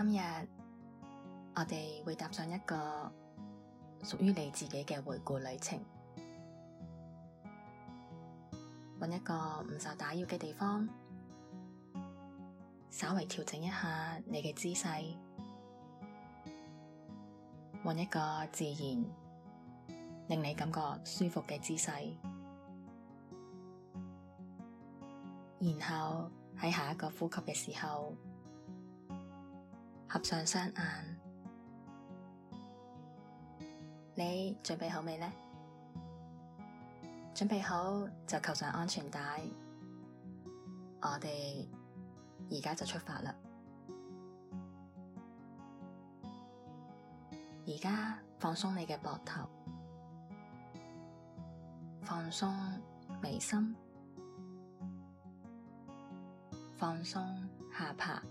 今日我哋會踏上一個屬於你自己嘅回顧旅程，搵一個唔受打擾嘅地方，稍微調整一下你嘅姿勢，搵一個自然令你感覺舒服嘅姿勢，然後喺下一個呼吸嘅時候。合上雙眼，你準備好未呢？準備好就扣上安全帶，我哋而家就出發啦！而家放鬆你嘅膊頭，放鬆眉心，放鬆下巴。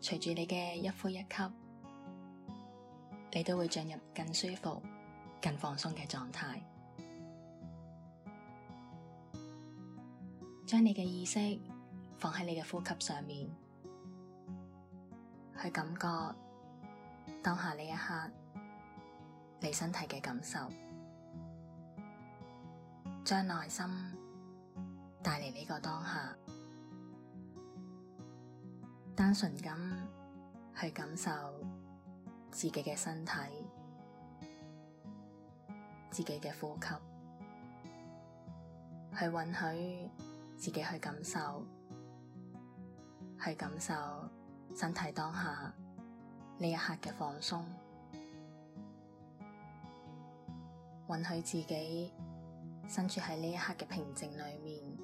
隨住你嘅一呼一吸，你都會進入更舒服、更放鬆嘅狀態。將你嘅意識放喺你嘅呼吸上面，去感覺當下呢一刻你身體嘅感受，將內心帶嚟呢個當下。單純咁去感受自己嘅身體，自己嘅呼吸，去允許自己去感受，去感受身體當下呢一刻嘅放鬆，允許自己身處喺呢一刻嘅平靜裏面。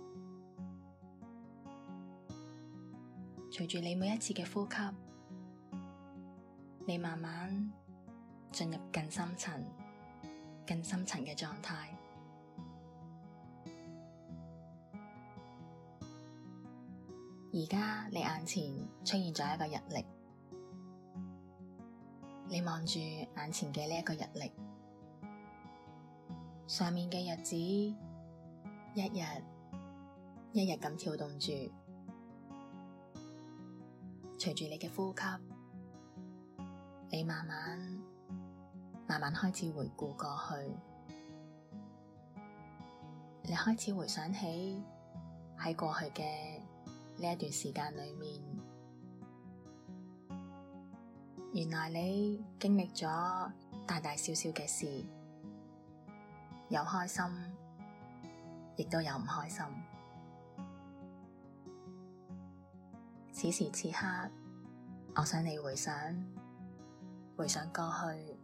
隨住你每一次嘅呼吸，你慢慢進入更深層、更深層嘅狀態。而家你眼前出現咗一個日曆，你望住眼前嘅呢一個日曆，上面嘅日子一日一日咁跳動住。隨住你嘅呼吸，你慢慢、慢慢開始回顧過去，你開始回想起喺過去嘅呢一段時間裏面，原來你經歷咗大大小小嘅事，有開心，亦都有唔開心。此時此刻，我想你回想回想過去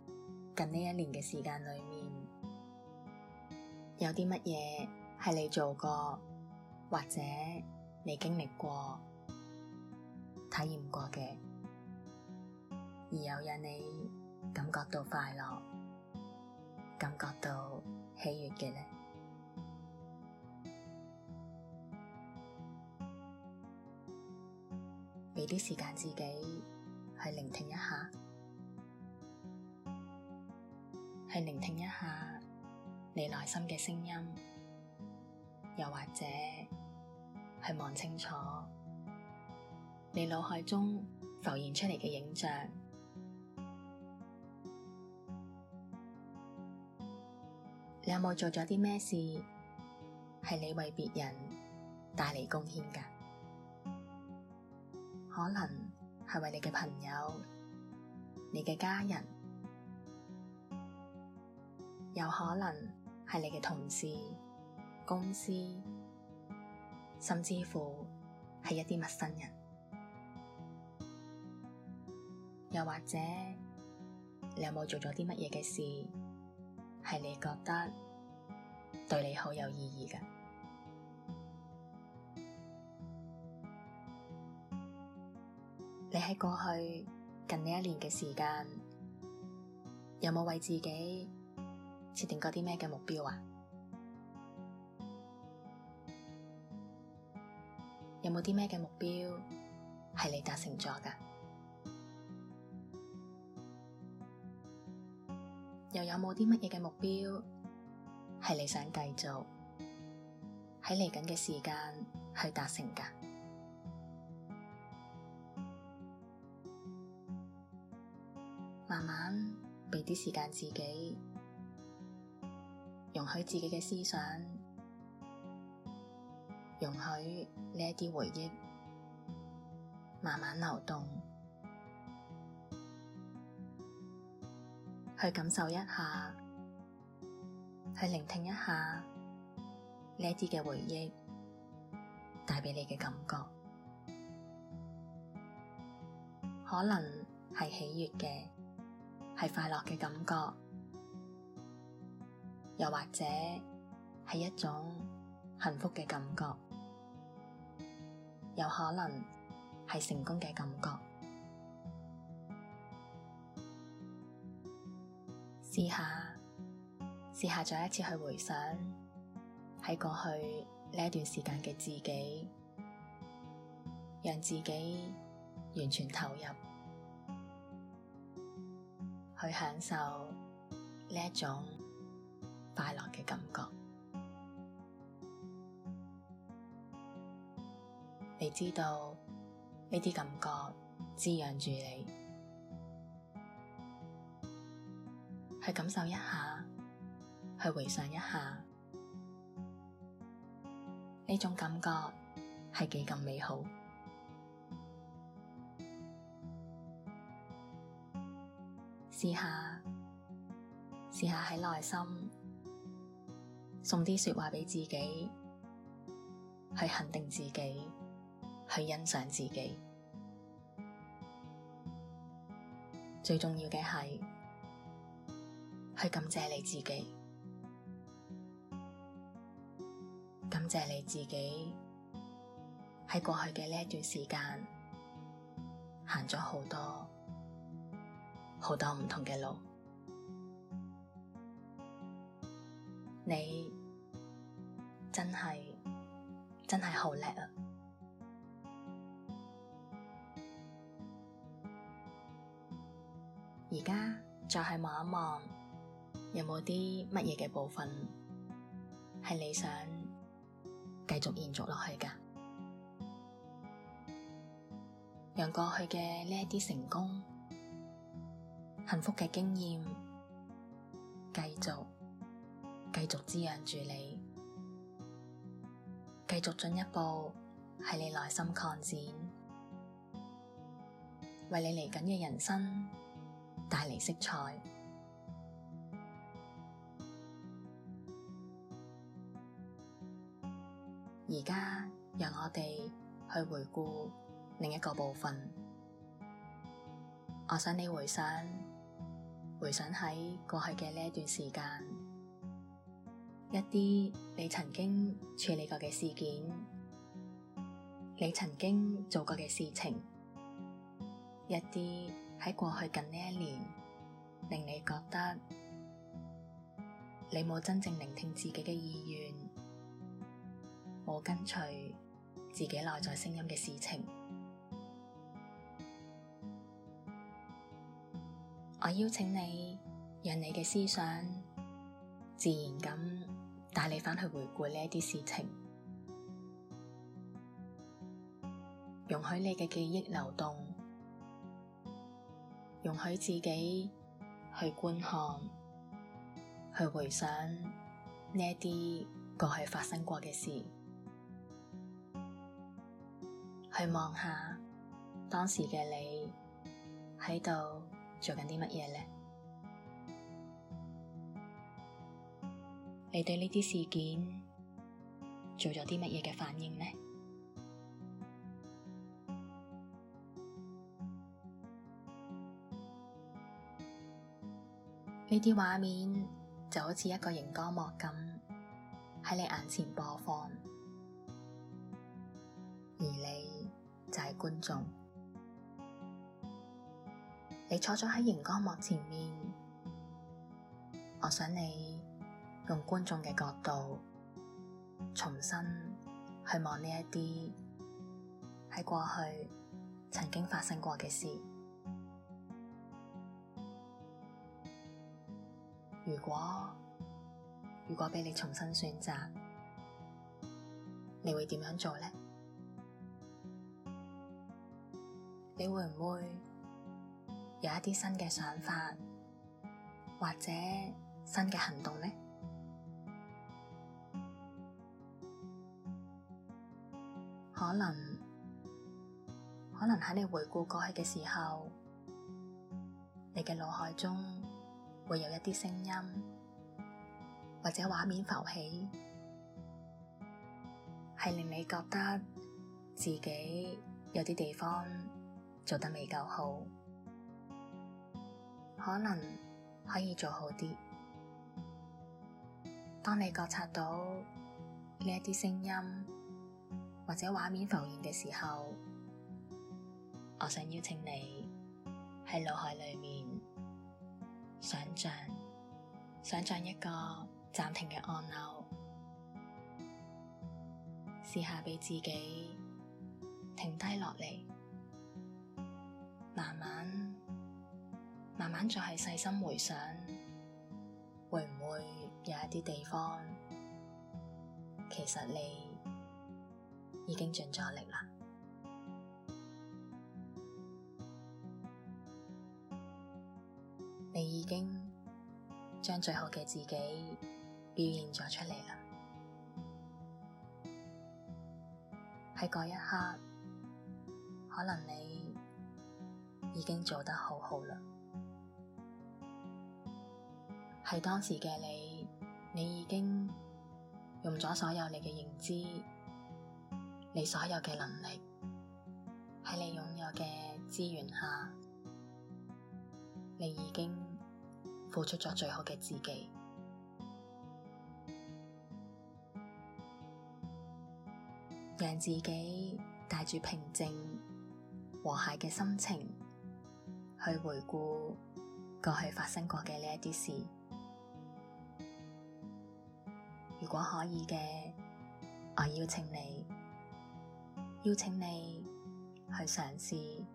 近呢一年嘅時間裏面，有啲乜嘢係你做過或者你經歷過、體驗過嘅，而又令你感覺到快樂、感覺到喜悅嘅呢？俾啲時間自己去聆聽一下，去聆聽一下你內心嘅聲音，又或者去望清楚你腦海中浮現出嚟嘅影像。你有冇做咗啲咩事係你為別人帶嚟貢獻噶？可能係為你嘅朋友、你嘅家人，有可能係你嘅同事、公司，甚至乎係一啲陌生人，又或者你有冇做咗啲乜嘢嘅事，係你覺得對你好有意義嘅？你喺過去近呢一年嘅時間，有冇為自己設定過啲咩嘅目標啊？有冇啲咩嘅目標係你達成咗噶？又有冇啲乜嘢嘅目標係你想繼續喺嚟緊嘅時間去達成噶？慢慢畀啲時間自己，容許自己嘅思想，容許呢一啲回憶慢慢流動，去感受一下，去聆聽一下呢一啲嘅回憶帶畀你嘅感覺，可能係喜悦嘅。係快樂嘅感覺，又或者係一種幸福嘅感覺，有可能係成功嘅感覺。試下，試下再一次去回想喺過去呢一段時間嘅自己，讓自己完全投入。去享受呢一種快樂嘅感覺，你知道呢啲感覺滋養住你，去感受一下，去回想一下，呢種感覺係幾咁美好。試下，試下喺內心送啲說話俾自己，去肯定自己，去欣賞自己。最重要嘅係去感謝你自己，感謝你自己喺過去嘅呢一段時間行咗好多。好多唔同嘅路，你真係真係好叻啊！而家再係望一望，有冇啲乜嘢嘅部分係你想繼續延續落去噶？讓過去嘅呢一啲成功。幸福嘅經驗繼續繼續滋養住你，繼續進一步喺你內心擴展，為你嚟緊嘅人生帶嚟色彩。而家讓我哋去回顧另一個部分，我想你回想。回想喺過去嘅呢一段時間，一啲你曾經處理過嘅事件，你曾經做過嘅事情，一啲喺過去近呢一年令你覺得你冇真正聆聽自己嘅意願，冇跟隨自己內在聲音嘅事情。我邀請你，讓你嘅思想自然咁帶你返去回顧呢一啲事情，容許你嘅記憶流動，容許自己去觀看、去回想呢一啲過去發生過嘅事，去望下當時嘅你喺度。做緊啲乜嘢呢？你對呢啲事件做咗啲乜嘢嘅反應呢？呢啲畫面就好似一個熒光幕咁喺你眼前播放，而你就係觀眾。你坐咗喺熒光幕前面，我想你用觀眾嘅角度重新去望呢一啲喺過去曾經發生過嘅事。如果，如果畀你重新選擇，你會點樣做咧？你會唔會有一啲新嘅想法，或者新嘅行動呢？可能可能喺你回顧過去嘅時候，你嘅腦海中會有一啲聲音或者畫面浮起，係令你覺得自己有啲地方做得未夠好。可能可以做好啲。當你覺察到呢一啲聲音或者畫面浮現嘅時候， 我想邀請你喺腦海裏面想象，想象一個暫停嘅按鈕，試下俾自己停低落嚟，慢慢。慢慢再係細心回想，會唔會有一啲地方，其實你已經盡咗力啦？你已經將最好嘅自己表現咗出嚟啦。喺嗰一刻，可能你已經做得好好啦。喺當時嘅你，你已經用咗所有你嘅認知，你所有嘅能力，喺你擁有嘅資源下，你已經付出咗最好嘅自己，讓自己帶住平靜和諧嘅心情去回顧過去發生過嘅呢一啲事。如果可以嘅，我邀請你，邀請你去嘗試，去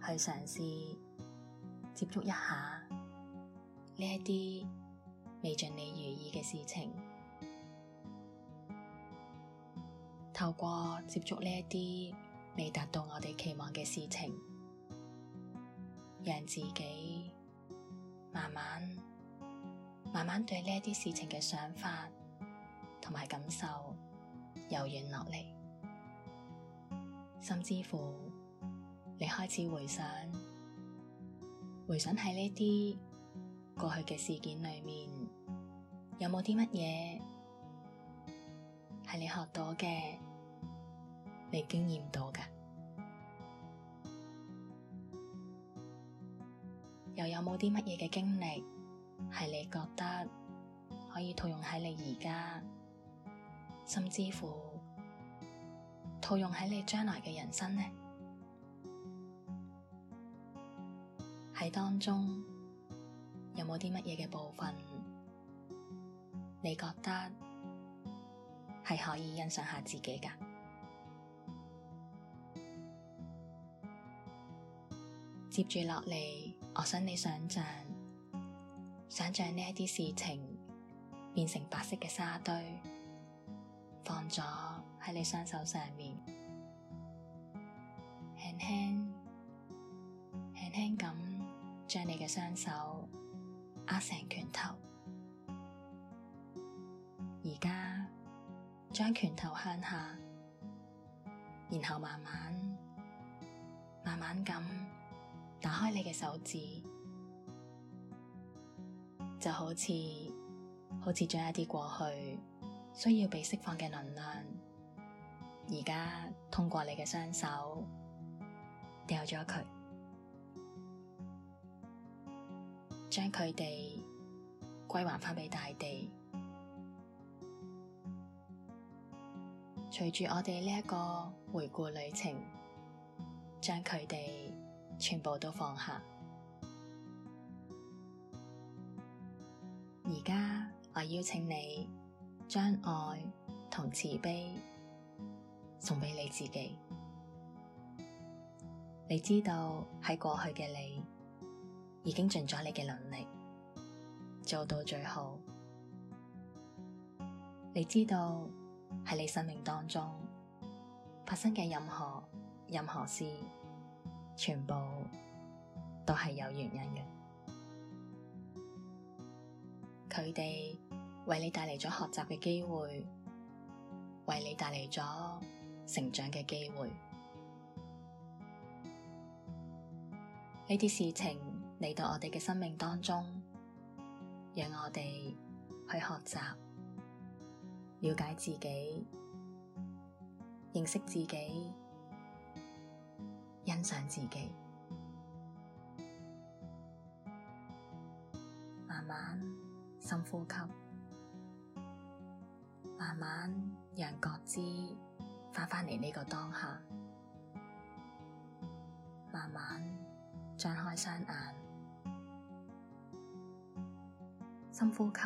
嘗試接觸一下呢一啲未盡你如意嘅事情。透過接觸呢一啲未達到我哋期望嘅事情，讓自己慢慢慢慢對呢一啲事情嘅想法同埋感受柔軟落嚟，甚至乎你開始回想，回想喺呢啲過去嘅事件裏面，有冇啲乜嘢係你學到嘅，你經驗到嘅，又有冇啲乜嘢嘅經歷？係你覺得可以套用喺你而家，甚至乎套用喺你將來嘅人生呢？喺當中有冇啲乜嘢嘅部分，你覺得係可以欣賞下自己噶？接住落嚟，我想你想象。想象呢一啲事情變成白色嘅沙堆，放咗喺你雙手上面，輕輕輕輕咁將你嘅雙手握成拳頭。而家將拳頭向下，然後慢慢慢慢咁打開你嘅手指。就好似好似將一啲過去需要被釋放嘅能量，而家通過你嘅雙手掉咗佢，將佢哋歸還翻畀大地。隨住我哋呢一個回顧旅程，將佢哋全部都放下。而家我邀請你將愛同慈悲送俾你自己。你知道喺過去嘅你已經盡咗你嘅能力做到最好。你知道喺你生命當中發生嘅任何任何事，全部都係有原因嘅。佢哋為你帶嚟咗學習嘅機會，為你帶嚟咗成長嘅機會。呢啲事情嚟到我哋嘅生命當中，讓我哋去學習、了解自己、認識自己、欣賞自己。慢慢。深呼吸，慢慢讓覺知翻返嚟呢個當下，慢慢張開雙眼，深呼吸，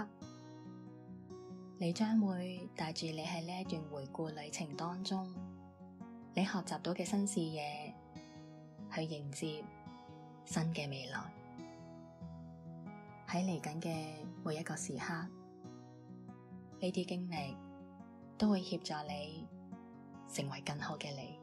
你將會帶住你喺呢一段回顧旅程當中，你學習到嘅新視野去迎接新嘅未來，喺嚟緊嘅。每一個時刻，呢啲經歷都會協助你成為更好嘅你。